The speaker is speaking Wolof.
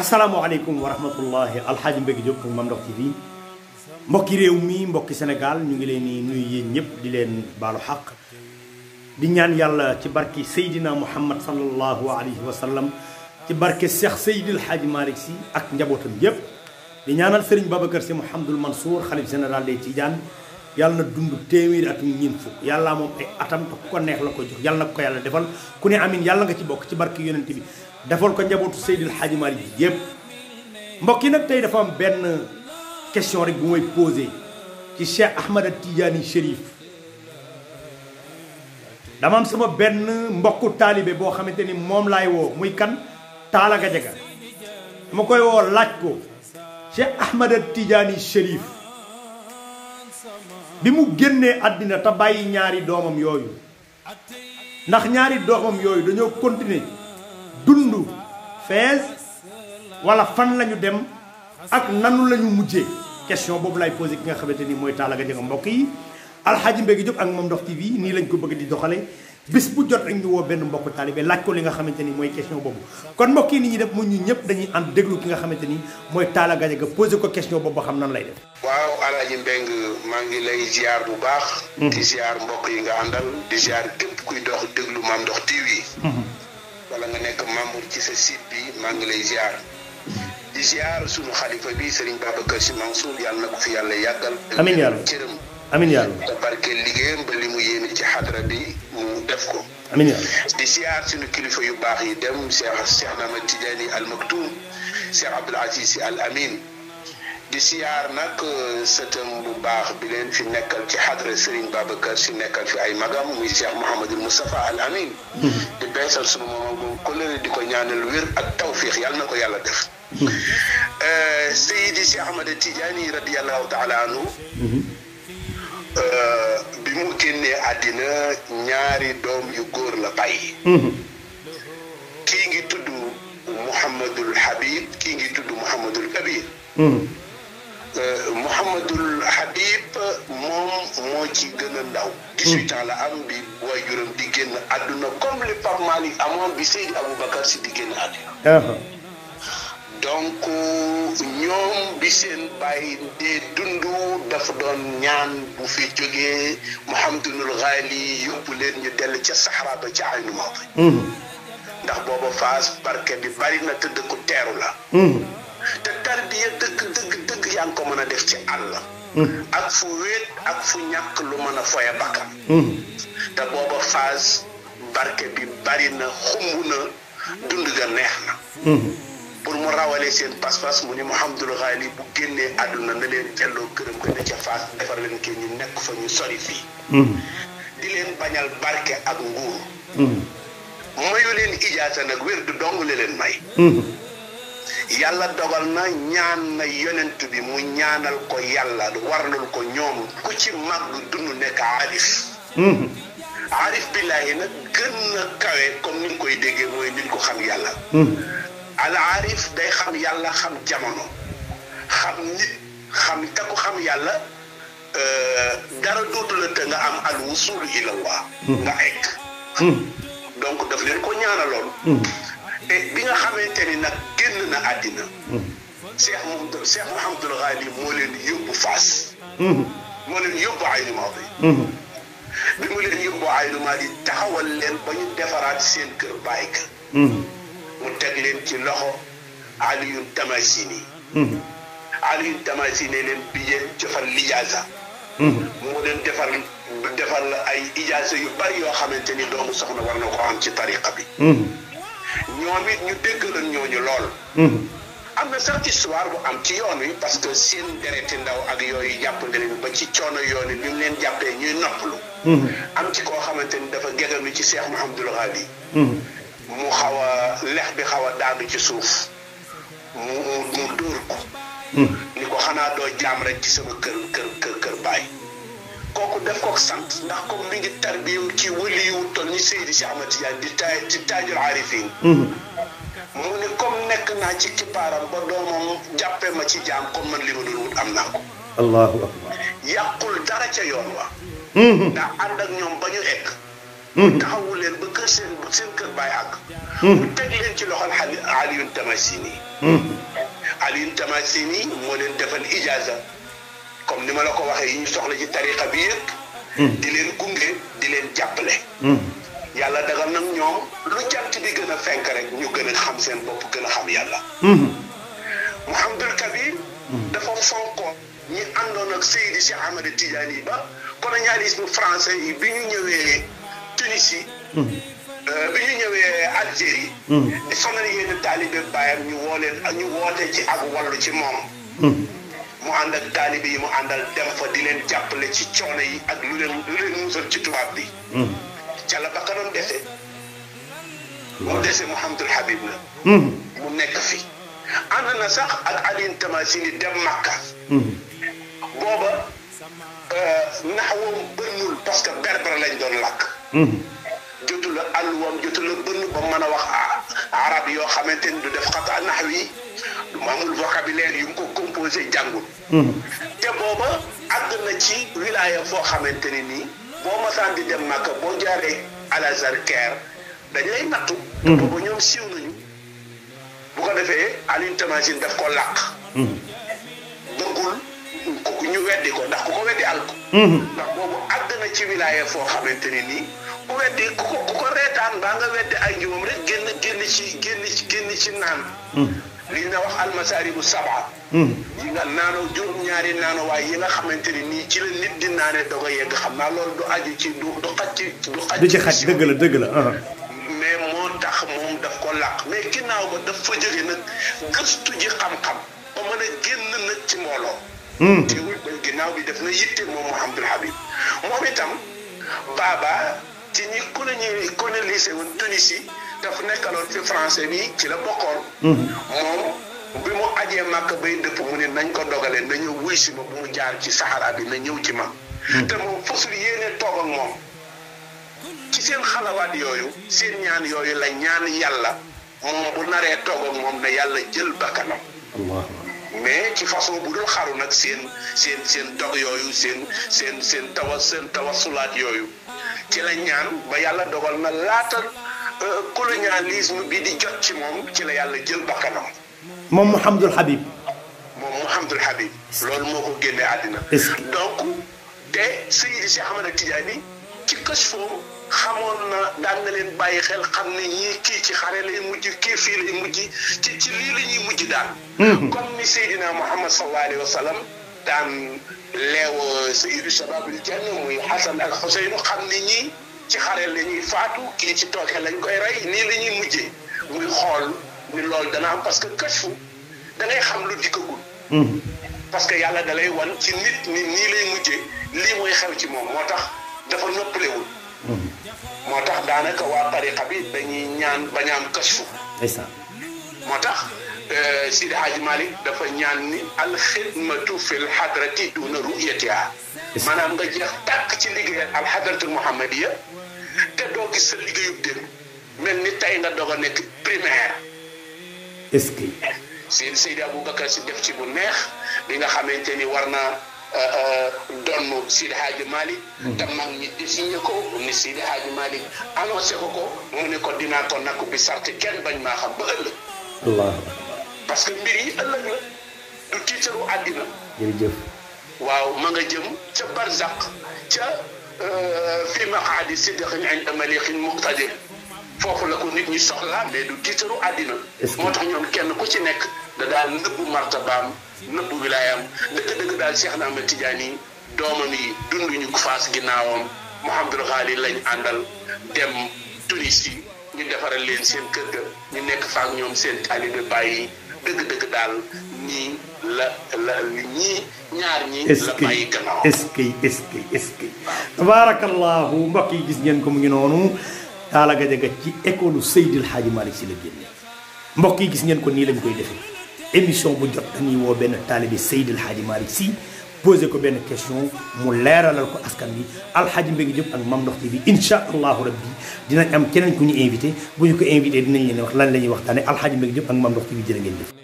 asalaamaaleykum wa rahmatullahi alxaaji Mbégi Diop pour Mame Ndokh TV mbokki réew mi mbokki Sénégal ñu ngi leen di nuyu yéen ñëpp di leen baalu xaq di ñaan yàlla ci barke Seydina Muhammad sallallahu alayhi wa sallam ci barke seex Seydil Hadji Malick si ak njabootam yëpp di ñaanal Serigne Babacar Sy Mouhamadoul Mansour xalif général des Tidiane yàlla na dund téeméeri atum ñeent fukk yàllaa moom ay atam te ku ko neex la ko jox yàlla na ko yàlla defal ku ne amin yàlla nga ci bokk ci barke yonent bi defal ko njabootu Seydil Hadji Malick yi yëpp yi nag tey dafa am benn question rek bu may posé ci Cheikh Ahmada Tidiane Chérif dama am sama benn mbokku taalibe boo xamante ni moom laay woo muy kan Talla Gadiaga ma koy woo laaj ko Cheikh Ahmada Tidiane Chérif bi mu génnee àddina te bàyyi ñaari doomam yooyu ndax ñaari doomam yooyu dañoo continuer dund fees wala fan lañu dem ak nanu lañu mujje question boobu lay posé ki nga xamante ni mooy Talla Gadiaga mbokk yi alxaaji Mbégi Diop ak Mame Ndokh TV nii lañ ko bëgg di doxale bis bu jot ak ñu woo benn mbokk taalibe laaj ko li nga xamante ni mooy question boobu kon mbokk yi ni ñuy def mu ñu ñëpp dañuy ànd déglu ki nga xamante ni mooy Talla Gadiaga posé ko question boobu xam nan lay def waaw alxaaji Mbéng maa ngi lay ziar bu baax hmm. di ziar mbokk yi nga àndal di ziar képp kuy wala nga nekk membre ci sa site bi maa ngi lay ziar di ziar suñu xalifa bi Serigne Babacar Sy Mansour yàlla na ko fi yàlla yàggal. amiin yàlla cërëm amiin yàlla. barke liggéeyam ba li mu yéene ci xadra bi mu def ko. amiin yàlla di ziar suñu kilifa yu baax yi dem Cheikh Cheikh Ahmad Tidiane Al Maktoum Cheikh Abdoul Aziz Al Amin. di siyaar nag euh, sëtam bu baax bi leen fi nekkal ci xadra Serigne Babacar si nekkal fi ay magam muy Cheikh Mouhamadul Moustapha Al Amin hmm. di beesal sunu moom bu kolëre di ko ñaanal wér ak tawfiix yàlla na ko yàlla def hmm. euh, Seydi Cheikh Ahmada Tidiane radiallahu taala anhu hmm. euh, bi mu génnee àddina ñaari doom yu góor la bàyyi kii ngi tudd Mouhamadul Habib kii ngi tudd Mouhamadul Kabir Euh, Mouhamadul Habib moom moo ci gën a ndaw. 18 la am bi waajuram di génn àdduna comme li Pape Malick amoon bi Seydi Aboubacar si di génn àdduna. Uh-huh. donc ñoom bi seen bàyyi dee dund dafa doon ñaan bu fi jógee Mouhamadul Ghali yóbbu leen ñu dell ca Sahara ba ca Aynu ko mm-hmm. ndax booba Fass barke bi bari na te dëkku teeru la. Mm-hmm. te tarbiya dëgg dëgg dëgg yaa ngi ko mën a def ci àll. Hmm. ak fu wéet ak fu ñàkk lu mën a foye bakkan hmm. te booba phase barke bi bari na xumb na dund ga neex na hmm. pour mu rawalee seen pas mu ni Mouhamadul Ghali bu génnee àdduna na leen jelloo këram ko ne ca phase defar leen kii ñu nekk fa ñu sori fii di leen bañal barke ak nguur mayu leen ijaasa nag wér du dong la leen may yàlla dogal na ñaan na yonent bi mu ñaanal ko yàlla warlul ko ñoom ku ci màgg dund nekk arif hmm. arif billaahi nag gën a kawe comme ni koy déggee mooy nit ko xam yàlla hmm. al arif day xam yàlla xam jamono xam nit xam te xam yàlla euh, dara dootu te nga am al wusul ilallah hmm. nga egg donc daf leen ko ñaanaloon te bi nga xamante ni nag génn na àddina. Mm-hmm. Cheikh moom Cheikh Mouhamadul Ghali moo leen yóbbu Fass. Mm-hmm. moo leen yóbbu Aynu Maadi. Mm-hmm. bi mu leen yóbbu Aynu Maadi taxawal leen ba ñu defaraat seen kër bàyyi ka. mu teg leen ci loxo Alioune Damasini. Alioune Damasini leen bijee jëfal lijaasa. moo leen defar defar la ay ijaasa yu bari yoo xamante ni doomu soxna war na ko am ci tariqa bi. ñoom it ñu déggalan ñu lool mhm. am na sax histoire bu am ci yoon wi parce que seen dereti ndaw ak yooyu jàppante leen ba ci coono yoon yi bi mu leen jàppee ñuy noppalu mhm. am ci koo xamante ni dafa gegalu ci Cheikh Mouhamadul Ghali mhm. mu xaw a lex bi xaw a daanu ci suuf mu mu dóor ko ni ko xanaa doo jaam rek ci sama kër kër kër kër bàyyi kooku def kook sant ndax comme mi ngi tarbiyam ci wëliyu toll ni Seydi si Ahmad Tijaan di taay di taajul aarifin mhm. mu ne comme nekk naa ci kippaaram ba doomam jàppee ma ci jaam comme man li ma doon am naa ko allahu akbar yàqul dara ca yoon wa mhm. ndax ànd ak ñoom ba ñu egg mu mhm. taxawu leen ba kër seen kër baay àgg mu teg leen ci loxol Alioune Tamasini Alioune Tamasini moo leen defal ijaaza comme ni ma la ko waxee yi ñu soxla ci tariqa bi yëpp. Hmm. di leen gunge di leen jàppale. Hmm. yàlla dagal nag ñoom lu jant bi gën a fenk rek ñu gën a xam seen bopp gën a xam yàlla. Hmm. Mouhamadul Kabir. dafa fonkoon ñi àndoon ak Seydi Cheikh Ahmed Tidiane yi ba colonialisme français yi bi ñu ñëwee Tunisie. Euh, bi ñu ñëwee Algérie. di sonal yenn taalibe ñu woo leen ñu woote ci ak wàllu ci moom. mu ànd ak taalibe yi mu àndal dem fa di leen jàppale ci coono yi ak lu leen lu leen musal ci tubaab bi. Hmm. ca la bakkanam dese. mu hmm. dese Mouhamadul Habib la. Hmm. mu nekk fi. ànd na sax ak Alioune Tamasini dem Makka. booba euh, naxawoom bënnul parce que berber lañ doon làkk. la alluwam jotul a bënn ba mën a wax arab yoo xamante ni du def xata nax wi du amul vocabulaire yu mu ko composé jàngul hmm. te booba àgg na ci wilaya foo xamante ni nii boo masaan di boo jaaree Al-Azhar Caire dañ lay hmm. booba ñoom siiw nañu bu ko defee Alioune Tamasin daf ko làq hmm. bëggul ku ñu weddi ko ndax ku ko weddi al ko ndax boobu àgg na ci wilaya foo xamante ni nii ku weddi ku ko ku ko reetaan baa nga weddi ay njuumam rek génn génn ci génn ci génn ci naan hmm. li na wax almasaari bu saba hmm. yi nga naanoo juróom-ñaari naano waaye yi nga xamante ni nii ci la di naane doog a yegg xam naa loolu du aju ci du du xaj ci du xaj du ci xaj dëgg la dëgg la uh-huh. mais moo tax moom daf ko làq mais ginnaaw ba daf fa jóge nag gëstu ji xam-xam ba mën a génn nag ci mbooloo hmm. teewul ba ginnaaw bi def na yitte moom Mouhamadul Habib moom itam baaba ci ñi ko ne ñi ku ne lycée woon Tunisie daf nekkaloon fi français bi ci la bokkoon. Mhm. moom bi mu ajee màkk bay dëpp mu ne nañ ko dogalee na ñëw si ma bu mu jaar ci saxaraat bi na ñëw ci ma. Mhm. te moom yéene toog moom. ci seen xalawaat yooyu seen ñaan yooyu la ñaan yàlla moom bu naree toog ak moom na yàlla jël bakkanam. mais ci façon bu dul xaru nag seen seen seen dog yooyu seen seen seen tawa seen tawasulaat yooyu. ci la ñaan ba yàlla dogal na laata euh, colonialisme bi di jot ci moom ci la yàlla jël bakkanam. moom Mouhamadul Habib. moom Mouhamadul Habib. loolu moo ko génnee àddina. donc te Seydi Cheikh Ahmad Tidiane ci kës foofu xamoon na daan na leen bàyyi xel xam ne ñii kii ci xare lay mujj kii fii mujj ci ci lii la ñuy daal. Hmm. comme ni Seydina Mouhamad sallallahu alayhi daan leew sayyidu shabaabil janna muy Xasan yi Xuseynu xam ni ñii ci xare la ñuy faatu kii ci tooke lañ koy rey nii la ñuy mujjee muy xool ni lool dana am parce que kashfu da ngay xam lu dikkagul. Mm-hmm. parce que yàlla da wan ci nit ni nii lay mujjee lii mooy xew ci moom moo tax dafa noppalewul. Mm-hmm. moo tax daanaka waa tariqa bi dañuy ñaan bañ kashfu. moo tax. Euh, Sidi Hadj Malick dafa ñaan ni alxidmatu fil xadrati duna ruyatiha maanaam nga jeex tàkk ci liggéeyal alxadratul muhammadiya te doo gis sa liggéeyub dem mel ni tey nga doog a nekk primaire. est-ce Seydi Seydi Aboubacar si def ci bu neex bi nga xamante ni war naa euh, euh, donn Seydi Hadj Malick. Mm. te mag ñi désigné ko ni Seydi Hadj Malick annoncé ko ko mu ne ko dinaa ko nakk bi sart kenn bañ maa xam ba ëllëg. parce que mbir yi ëllëg la du tiitaru àddina. waaw ma nga jëm ca barzaq ca euh, fi maqaadi sidqin inda malikin muqtadir foofu la ko nit ñi soxlaa mais du tiitaru àddina. moo tax ñoom kenn ku ci nekk da daal nëbbu martabaam nëbbu wilaayam dëgg-dëgg daal Cheikh na Ahmed Tidiane yi doomam yi dunduñu ko faas ginnaawam Mouhamadul Xaali lañ àndal dem touriste yi ñu defaral leen seen kër ga ñu nekk faak ñoom seen taalibe bàyyi. dëgg-dëgg daal ñii la la ñii ñaar ñi la bàyyi gannaaw tabaarakallaahu mbokk yi gis ngeen ko mu ngi noonu Talla Gadiaga ci école Seydil Hadji Malick Sy la génne mbokk yi gis ngeen ko nii lañ koy defee émission bu jot dañuy woo benn taalibe Seydil Hadji Malick Sy posé ko benn question mu leeralal ko askan bi alxaaji Mbengue Diop ak Mame Ndokh TV incha allahu rabbi dinañ am keneen ku ñu invité bu ñu ko invité dinañ leen wax lan la ñuy waxtaane alxaaji Mbengue Diop ak Mame Ndokh TV jërë ngeen jëf